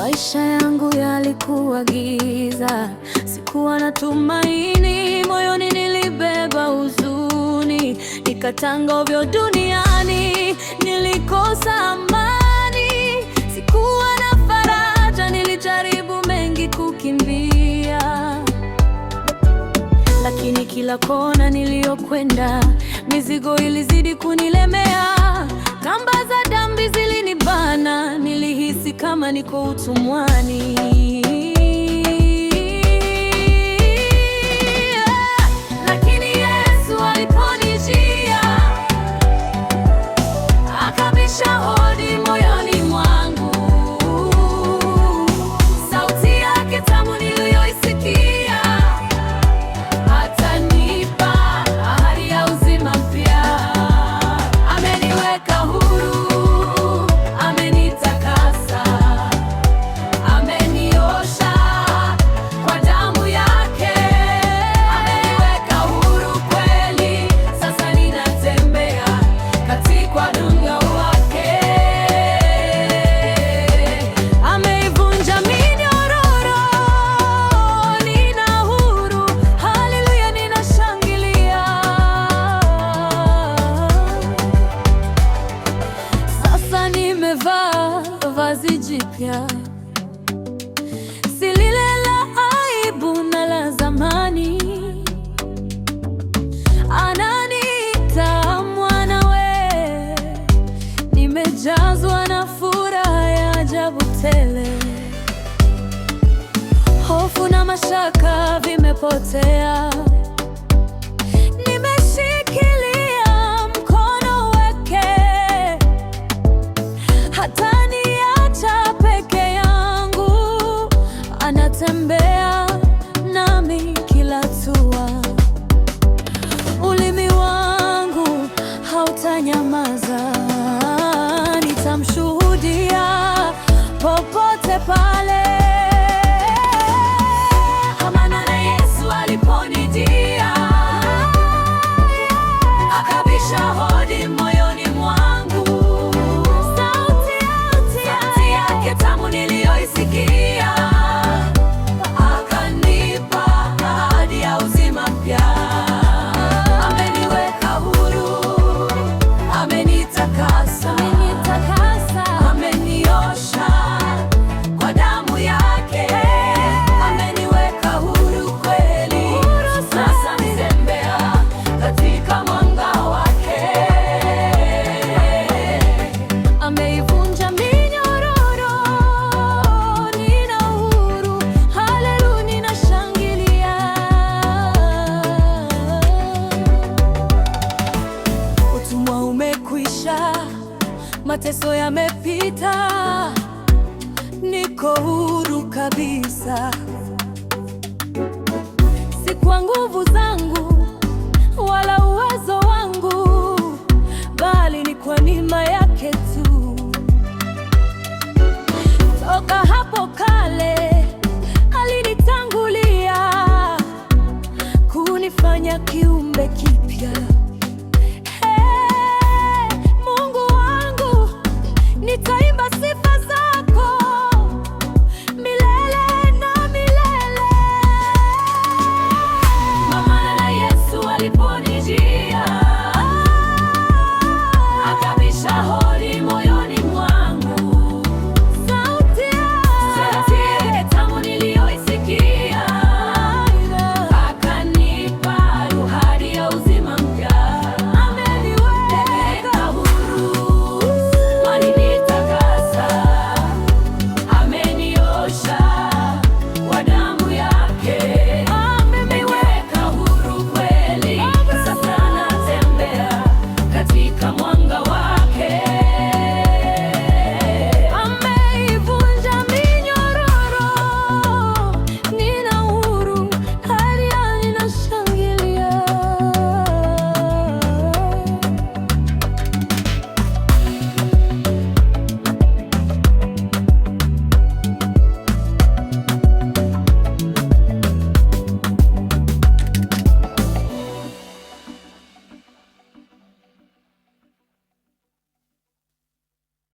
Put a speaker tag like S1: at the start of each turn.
S1: Maisha yangu yalikuwa giza, sikuwa na tumaini, moyoni nilibeba huzuni, nikatanga ovyo duniani, nilikosa amani, sikuwa na faraja, nilijaribu mengi kukimbia, lakini kila kona niliyokwenda, mizigo ilizidi kunilemea, kamba za dhambi zilinibana kama niko utumwani. Sasa nimevaa vazi jipya, si lile la aibu na la zamani. Ananiita mwanawe, nimejazwa na furaha ya ajabu tele. Hofu na mashaka vimepotea pale. Amana na Yesu akabisha hodi mateso yamepita, niko huru kabisa, si kwa nguvu zangu